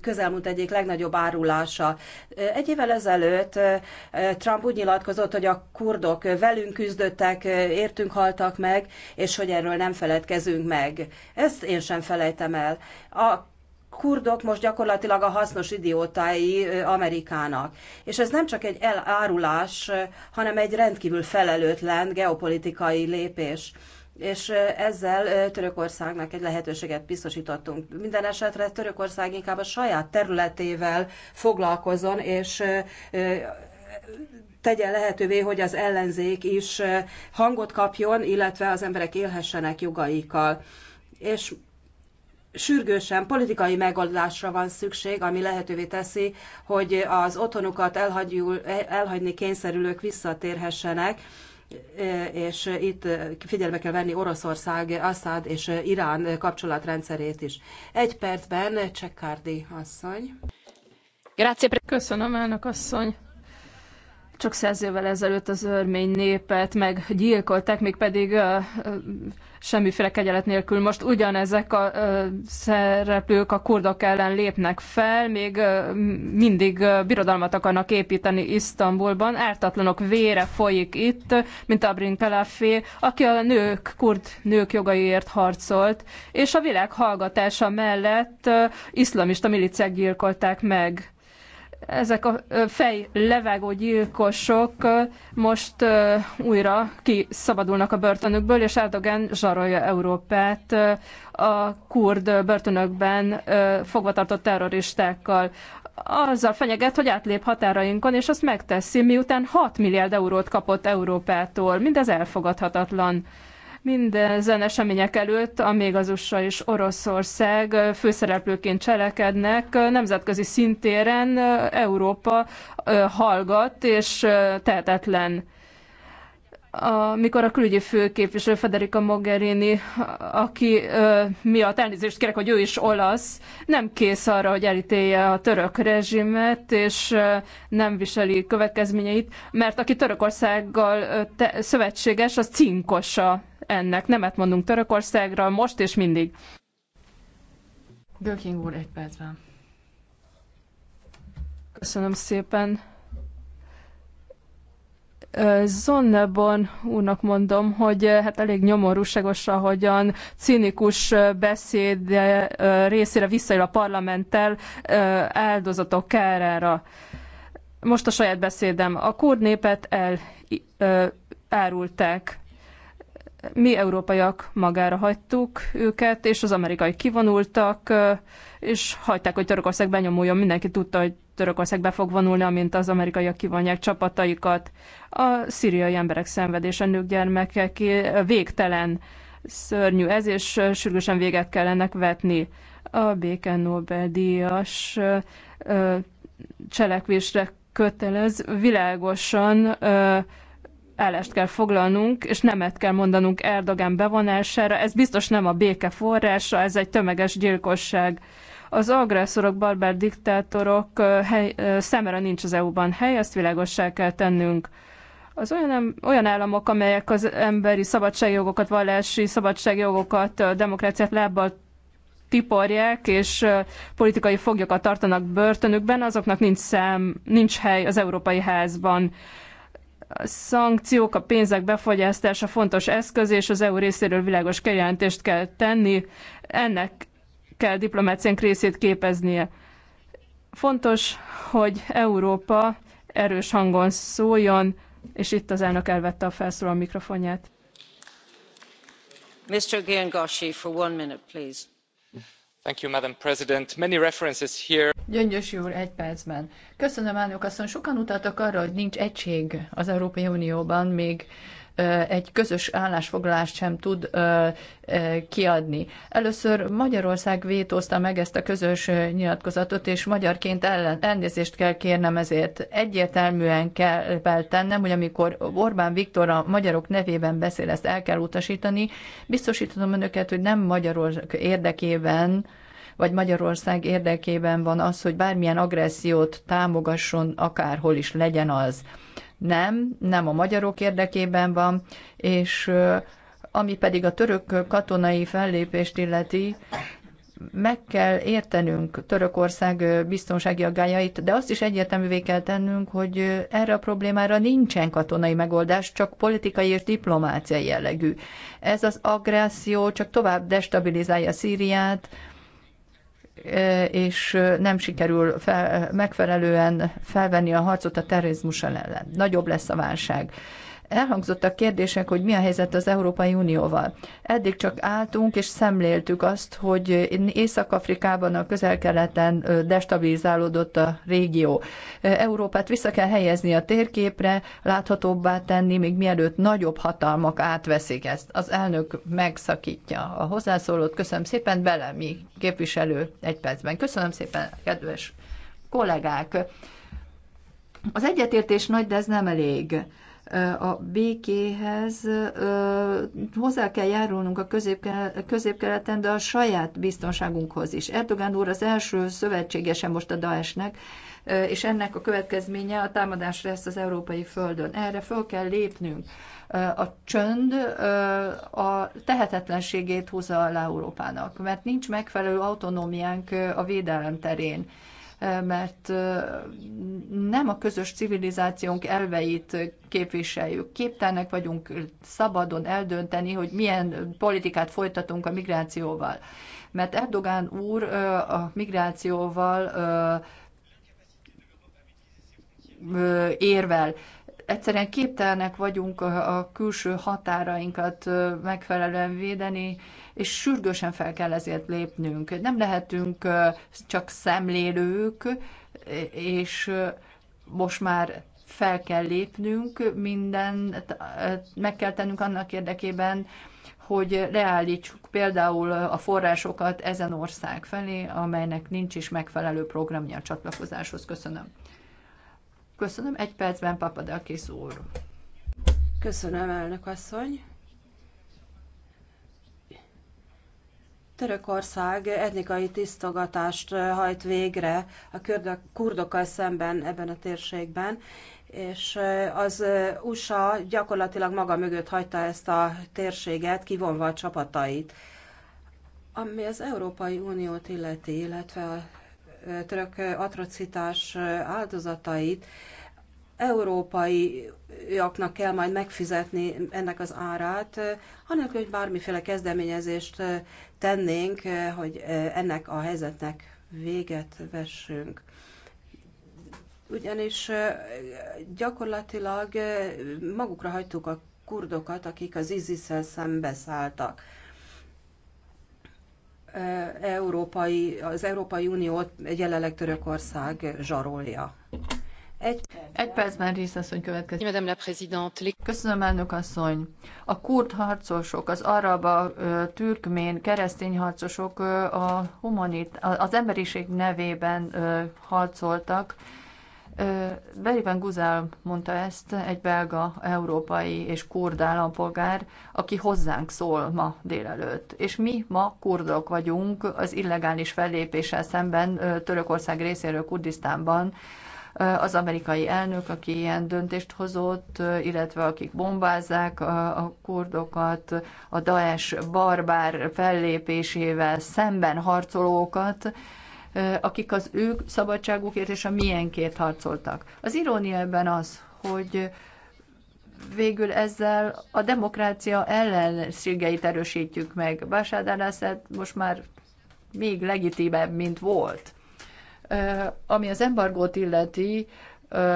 közelmúlt egyik legnagyobb árulása. Egy évvel ezelőtt Trump úgy nyilatkozott, hogy a kurdok velünk küzdöttek, értünk haltak meg, és hogy erről nem feledkezünk meg. Ezt én sem felejtem el. A kurdok most gyakorlatilag a hasznos idiótái Amerikának. És ez nem csak egy elárulás, hanem egy rendkívül felelőtlen geopolitikai lépés és ezzel Törökországnak egy lehetőséget biztosítottunk. Minden esetre Törökország inkább a saját területével foglalkozon, és tegye lehetővé, hogy az ellenzék is hangot kapjon, illetve az emberek élhessenek jogaikkal. És sürgősen politikai megoldásra van szükség, ami lehetővé teszi, hogy az otthonukat elhagyul, elhagyni kényszerülők visszatérhessenek, és itt figyelme kell venni Oroszország, Assad és Irán kapcsolatrendszerét is. Egy percben Csekkárdi asszony. Köszönöm, elnök asszony. Csak száz évvel ezelőtt az örmény népet meggyilkolták, mégpedig uh, semmiféle kegyelet nélkül. Most ugyanezek a ö, szereplők a kurdok ellen lépnek fel, még ö, mindig ö, birodalmat akarnak építeni Isztambulban. Ártatlanok vére folyik itt, mint Abrin Kalafi, aki a nők, kurd nők jogaiért harcolt, és a világ hallgatása mellett ö, iszlamista milicek gyilkolták meg ezek a fej levegő gyilkosok most újra kiszabadulnak a börtönökből, és Erdogan zsarolja Európát a kurd börtönökben fogvatartott terroristákkal. Azzal fenyeget, hogy átlép határainkon, és azt megteszi, miután 6 milliárd eurót kapott Európától. Mindez elfogadhatatlan mindezen események előtt, amíg az USA és Oroszország főszereplőként cselekednek, nemzetközi szintéren Európa hallgat és tehetetlen amikor a külügyi főképviselő Federica Mogherini, aki ö, miatt elnézést kérek, hogy ő is olasz, nem kész arra, hogy elítélje a török rezsimet, és ö, nem viseli következményeit, mert aki Törökországgal ö, te, szövetséges, az cinkosa ennek. Nemet mondunk Törökországra most és mindig. Döking úr, egy percben. Köszönöm szépen. Zonnebon úrnak mondom, hogy hát elég nyomorúságos, ahogyan cinikus beszéd részére visszajön a parlamenttel áldozatok kárára. Most a saját beszédem. A kurd népet elárulták. Mi európaiak magára hagytuk őket, és az amerikai kivonultak, és hagyták, hogy Törökország benyomuljon. Mindenki tudta, hogy Törökország be fog vonulni, amint az amerikaiak kivonják csapataikat. A szíriai emberek szenvedése, nők, gyermekek végtelen szörnyű ez, és sürgősen véget kell ennek vetni. A béke Nobel-díjas cselekvésre kötelez, világosan ö, állást kell foglalnunk, és nemet kell mondanunk Erdogan bevonására. Ez biztos nem a béke forrása, ez egy tömeges gyilkosság. Az agresszorok, barbár diktátorok hely, szemre nincs az EU-ban hely, ezt világossá kell tennünk az olyan, olyan államok, amelyek az emberi szabadságjogokat, vallási szabadságjogokat, demokráciát lábbal tiporják, és politikai foglyokat tartanak börtönükben, azoknak nincs, szám, nincs hely az Európai Házban. A szankciók, a pénzek befogyasztása fontos eszköz, és az EU részéről világos kijelentést kell tenni. Ennek kell diplomáciánk részét képeznie. Fontos, hogy Európa erős hangon szóljon, és itt az elnök elvette a felszóló mikrofonját. Mr. Gengoshi, for one minute, please. Thank you, Madam President. Many references here. Gyöngyös úr, egy percben. Köszönöm, elnök asszony. Sokan utaltak arra, hogy nincs egység az Európai Unióban, még egy közös állásfoglalást sem tud kiadni. Először Magyarország vétózta meg ezt a közös nyilatkozatot, és magyarként ellen, elnézést kell kérnem ezért. Egyértelműen kell beltennem, hogy amikor Orbán Viktor a magyarok nevében beszél, ezt el kell utasítani. Biztosítanom önöket, hogy nem magyarok érdekében, vagy Magyarország érdekében van az, hogy bármilyen agressziót támogasson, akárhol is legyen az. Nem, nem a magyarok érdekében van, és ami pedig a török katonai fellépést illeti, meg kell értenünk Törökország biztonsági aggájait, de azt is egyértelművé kell tennünk, hogy erre a problémára nincsen katonai megoldás, csak politikai és diplomáciai jellegű. Ez az agresszió csak tovább destabilizálja Szíriát, és nem sikerül fel, megfelelően felvenni a harcot a terrorizmus ellen. Nagyobb lesz a válság. Elhangzottak kérdések, hogy mi a helyzet az Európai Unióval. Eddig csak álltunk és szemléltük azt, hogy Észak-Afrikában, a közel-keleten destabilizálódott a régió. Európát vissza kell helyezni a térképre, láthatóbbá tenni, még mielőtt nagyobb hatalmak átveszik ezt. Az elnök megszakítja a hozzászólót. Köszönöm szépen, Belemi képviselő egy percben. Köszönöm szépen, kedves kollégák! Az egyetértés nagy, de ez nem elég a békéhez hozzá kell járulnunk a középkeleten, de a saját biztonságunkhoz is. Erdogan úr az első szövetségese most a Daesnek, és ennek a következménye a támadás lesz az európai földön. Erre föl kell lépnünk. A csönd a tehetetlenségét húzza alá Európának, mert nincs megfelelő autonómiánk a védelem terén mert nem a közös civilizációnk elveit képviseljük. Képtelnek vagyunk szabadon eldönteni, hogy milyen politikát folytatunk a migrációval. Mert Erdogán úr a migrációval érvel. Egyszerűen képtelnek vagyunk a külső határainkat megfelelően védeni, és sürgősen fel kell ezért lépnünk. Nem lehetünk csak szemlélők, és most már fel kell lépnünk, minden meg kell tennünk annak érdekében, hogy leállítsuk például a forrásokat ezen ország felé, amelynek nincs is megfelelő programja a csatlakozáshoz. Köszönöm. Köszönöm. Egy percben Papadakis úr. Köszönöm, elnök asszony. Törökország etnikai tisztogatást eh, hajt végre a kurdokkal szemben ebben a térségben, és eh, az eh, USA gyakorlatilag maga mögött hagyta ezt a térséget, kivonva a csapatait. Ami az Európai Uniót illeti, illetve a török atrocitás áldozatait, európaiaknak kell majd megfizetni ennek az árát, eh, anélkül, hogy bármiféle kezdeményezést eh, tennénk, eh, hogy ennek a helyzetnek véget vessünk. Ugyanis gyakorlatilag magukra hagytuk a kurdokat, akik az ISIS-szel szembeszálltak. Európai, az Európai Uniót jelenleg Törökország zsarolja. Egy, Egy percben részasszony következik. Madame la Présidente. Köszönöm, elnök asszony. A kurd harcosok, az a türkmén, keresztény harcosok a humanit, az emberiség nevében harcoltak. Beriben Guzel mondta ezt, egy belga, európai és kurd állampolgár, aki hozzánk szól ma délelőtt. És mi ma kurdok vagyunk az illegális fellépéssel szemben Törökország részéről Kurdisztánban, az amerikai elnök, aki ilyen döntést hozott, illetve akik bombázzák a kurdokat, a Daesh barbár fellépésével szemben harcolókat, akik az ő szabadságukért és a miénkért harcoltak. Az irónia ebben az, hogy végül ezzel a demokrácia ellenségeit erősítjük meg. Bashar al most már még legitimebb, mint volt. Ami az embargót illeti,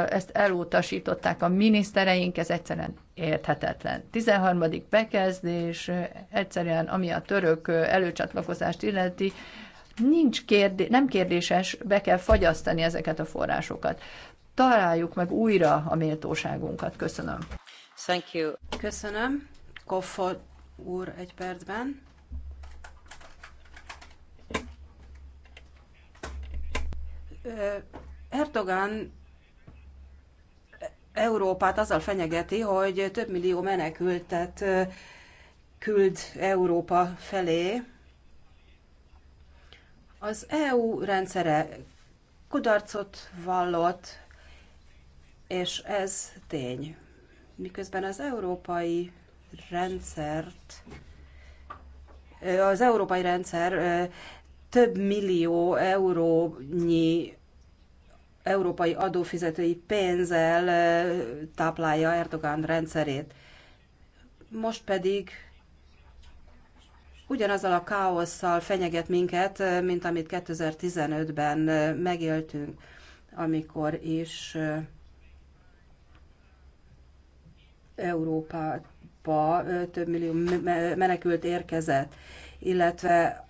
ezt elutasították a minisztereink, ez egyszerűen érthetetlen. 13. bekezdés, egyszerűen ami a török előcsatlakozást illeti, nincs kérdé, nem kérdéses, be kell fagyasztani ezeket a forrásokat. Találjuk meg újra a méltóságunkat. Köszönöm. Thank you. Köszönöm. Koffa úr egy percben. Erdogan Európát azzal fenyegeti, hogy több millió menekültet küld Európa felé. Az EU rendszere kudarcot vallott, és ez tény. Miközben az európai rendszert az európai rendszer több millió eurónyi európai adófizetői pénzzel táplálja Erdogan rendszerét. Most pedig ugyanazzal a káosszal fenyeget minket, mint amit 2015-ben megéltünk, amikor is Európába több millió menekült érkezett, illetve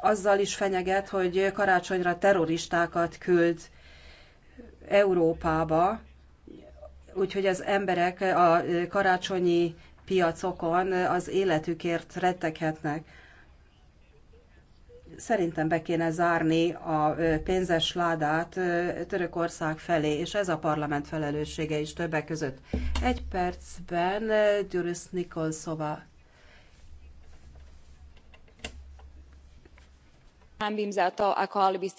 azzal is fenyeget, hogy karácsonyra terroristákat küld Európába, úgyhogy az emberek a karácsonyi piacokon az életükért retteghetnek. Szerintem be kéne zárni a pénzes ládát Törökország felé, és ez a parlament felelőssége is többek között. Egy percben Gyurusz Nikolszova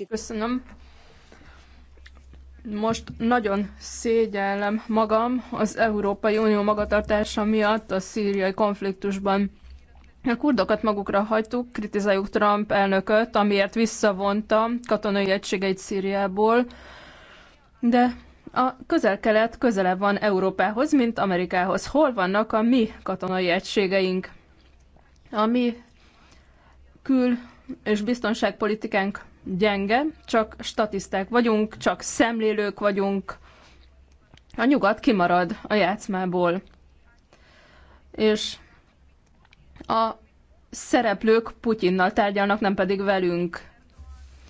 Köszönöm. Most nagyon szégyellem magam az Európai Unió magatartása miatt a szíriai konfliktusban. A kurdokat magukra hagytuk, kritizáljuk Trump elnököt, amiért visszavonta katonai egységeit Szíriából, de a közel-kelet közelebb van Európához, mint Amerikához. Hol vannak a mi katonai egységeink? A mi kül és biztonságpolitikánk gyenge, csak statiszták vagyunk, csak szemlélők vagyunk. A nyugat kimarad a játszmából. És a szereplők Putyinnal tárgyalnak, nem pedig velünk.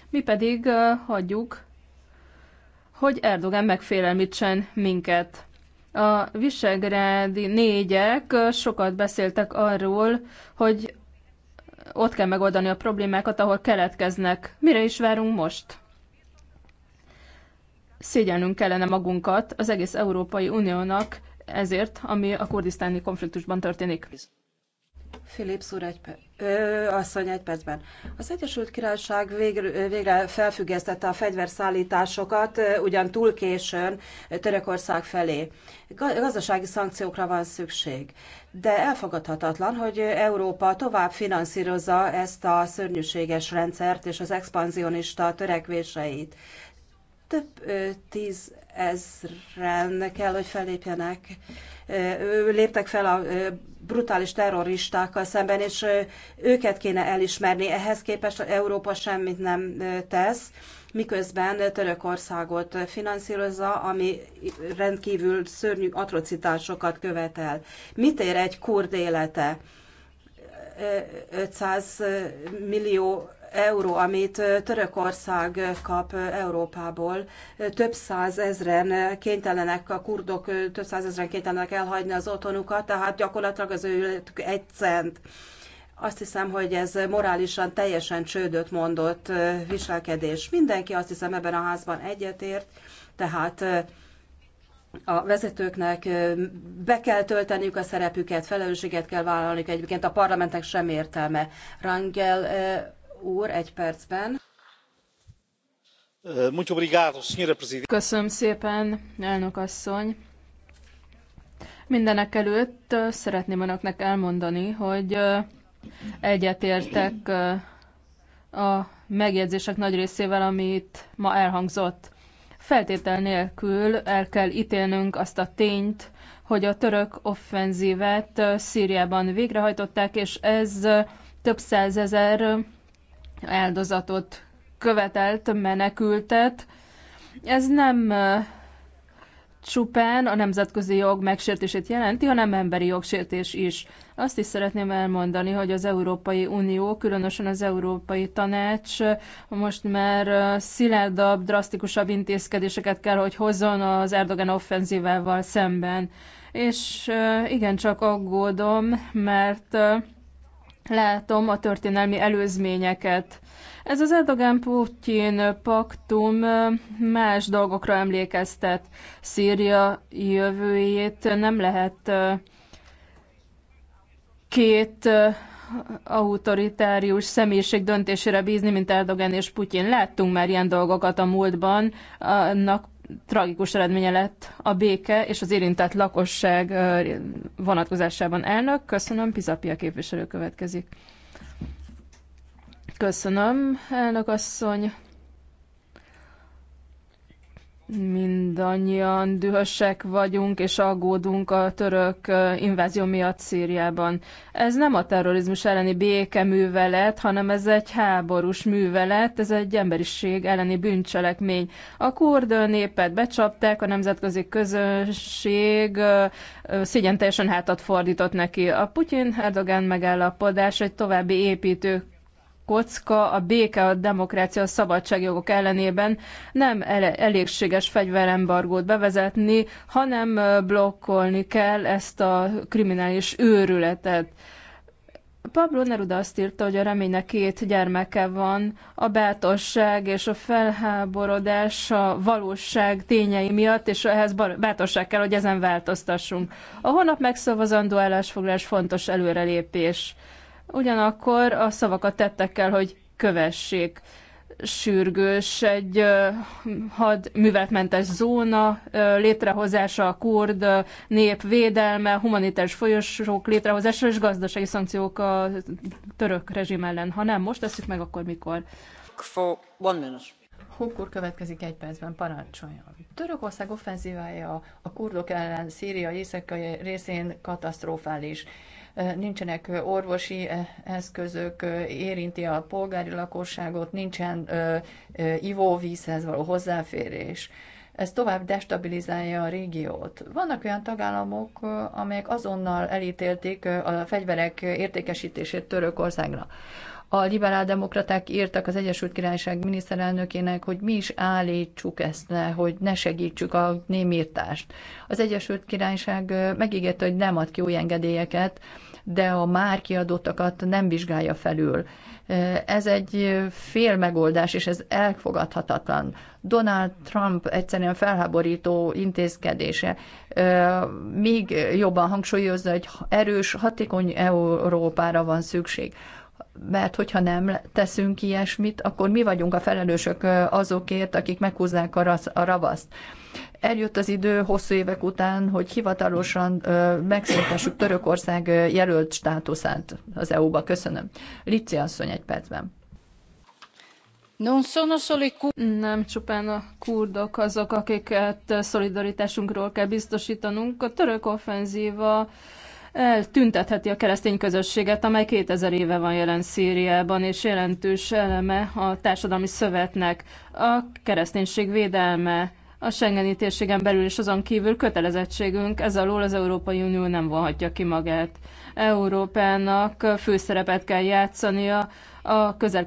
Mi pedig uh, hagyjuk, hogy Erdogan megfélemlítsen minket. A visegrádi négyek sokat beszéltek arról, hogy ott kell megoldani a problémákat, ahol keletkeznek. Mire is várunk most? Szégyelnünk kellene magunkat az egész Európai Uniónak ezért, ami a kurdisztáni konfliktusban történik. Philips úr egy, ö, asszony egy percben. Az Egyesült Királyság végre, végre felfüggesztette a fegyverszállításokat, ugyan túl későn Törökország felé. Gazdasági szankciókra van szükség. De elfogadhatatlan, hogy Európa tovább finanszírozza ezt a szörnyűséges rendszert és az expanzionista törekvéseit több tízezren kell, hogy felépjenek, léptek fel a brutális terroristákkal szemben, és őket kéne elismerni. Ehhez képest Európa semmit nem tesz, miközben Törökországot finanszírozza, ami rendkívül szörnyű atrocitásokat követel. Mit ér egy kurd élete? 500 millió euró, amit Törökország kap Európából. Több százezren kénytelenek, a kurdok több százezren kénytelenek elhagyni az otthonukat, tehát gyakorlatilag az ő egy cent. Azt hiszem, hogy ez morálisan teljesen csődöt mondott viselkedés. Mindenki azt hiszem ebben a házban egyetért, tehát a vezetőknek be kell tölteniük a szerepüket, felelősséget kell vállalniuk, egyébként a parlamentnek sem értelme. Rangel Eh, Köszönöm szépen, elnök asszony. Mindenekelőtt eh, szeretném önöknek elmondani, hogy eh, egyetértek a megjegyzések nagy részével, amit ma elhangzott. Feltétel nélkül el kell télnünk azt a tényt, hogy a török offenzívet szriában végrehajtották, és ez több százezer áldozatot követelt, menekültet. Ez nem csupán a nemzetközi jog megsértését jelenti, hanem emberi jogsértés is. Azt is szeretném elmondani, hogy az Európai Unió, különösen az Európai Tanács most már szilárdabb, drasztikusabb intézkedéseket kell, hogy hozzon az Erdogan offenzívával szemben. És igencsak aggódom, mert látom a történelmi előzményeket. Ez az Erdogan-Putin paktum más dolgokra emlékeztet. Szíria jövőjét nem lehet két autoritárius személyiség döntésére bízni, mint Erdogan és Putyin. Láttunk már ilyen dolgokat a múltban, annak tragikus eredménye lett a béke és az érintett lakosság vonatkozásában elnök. Köszönöm, Pizapia képviselő következik. Köszönöm, elnök asszony mindannyian dühösek vagyunk és aggódunk a török invázió miatt Szíriában. Ez nem a terrorizmus elleni béke művelet, hanem ez egy háborús művelet, ez egy emberiség elleni bűncselekmény. A kurd népet becsapták, a nemzetközi közönség szégyen teljesen hátat fordított neki. A Putyin-Erdogan megállapodás egy további építő kocka a béke, a demokrácia, a szabadságjogok ellenében nem elégséges fegyverembargót bevezetni, hanem blokkolni kell ezt a kriminális őrületet. Pablo Neruda azt írta, hogy a reménynek két gyermeke van, a bátorság és a felháborodás a valóság tényei miatt, és ehhez bátorság kell, hogy ezen változtassunk. A holnap megszavazandó állásfoglalás fontos előrelépés ugyanakkor a szavakat tettek el, hogy kövessék. Sürgős egy hadműveletmentes zóna létrehozása, a kurd nép védelme, humanitárs folyosók létrehozása és gazdasági szankciók a török rezsim ellen. Ha nem most tesszük meg, akkor mikor? For one minute. Hókur következik egy percben, parancsoljon. Törökország offenzívája a kurdok ellen Szíria északai részén katasztrofális nincsenek orvosi eszközök, érinti a polgári lakosságot, nincsen ivóvízhez való hozzáférés. Ez tovább destabilizálja a régiót. Vannak olyan tagállamok, amelyek azonnal elítélték a fegyverek értékesítését Törökországra. A liberáldemokraták írtak az Egyesült Királyság miniszterelnökének, hogy mi is állítsuk ezt le, hogy ne segítsük a némírtást. Az Egyesült Királyság megígérte, hogy nem ad ki új engedélyeket, de a már kiadottakat nem vizsgálja felül. Ez egy fél megoldás, és ez elfogadhatatlan. Donald Trump egyszerűen felháborító intézkedése még jobban hangsúlyozza, hogy erős, hatékony Európára van szükség mert hogyha nem teszünk ilyesmit, akkor mi vagyunk a felelősök azokért, akik meghúzzák a, a ravaszt. Eljött az idő hosszú évek után, hogy hivatalosan megszüntessük Törökország jelölt státuszát az EU-ba. Köszönöm. Lici asszony egy percben. Nem csupán a kurdok azok, akiket szolidaritásunkról kell biztosítanunk. A török offenzíva eltüntetheti a keresztény közösséget, amely 2000 éve van jelen Szíriában, és jelentős eleme a társadalmi szövetnek. A kereszténység védelme a Schengeni térségen belül és azon kívül kötelezettségünk, ez alól az Európai Unió nem vonhatja ki magát. Európának főszerepet kell játszania a közel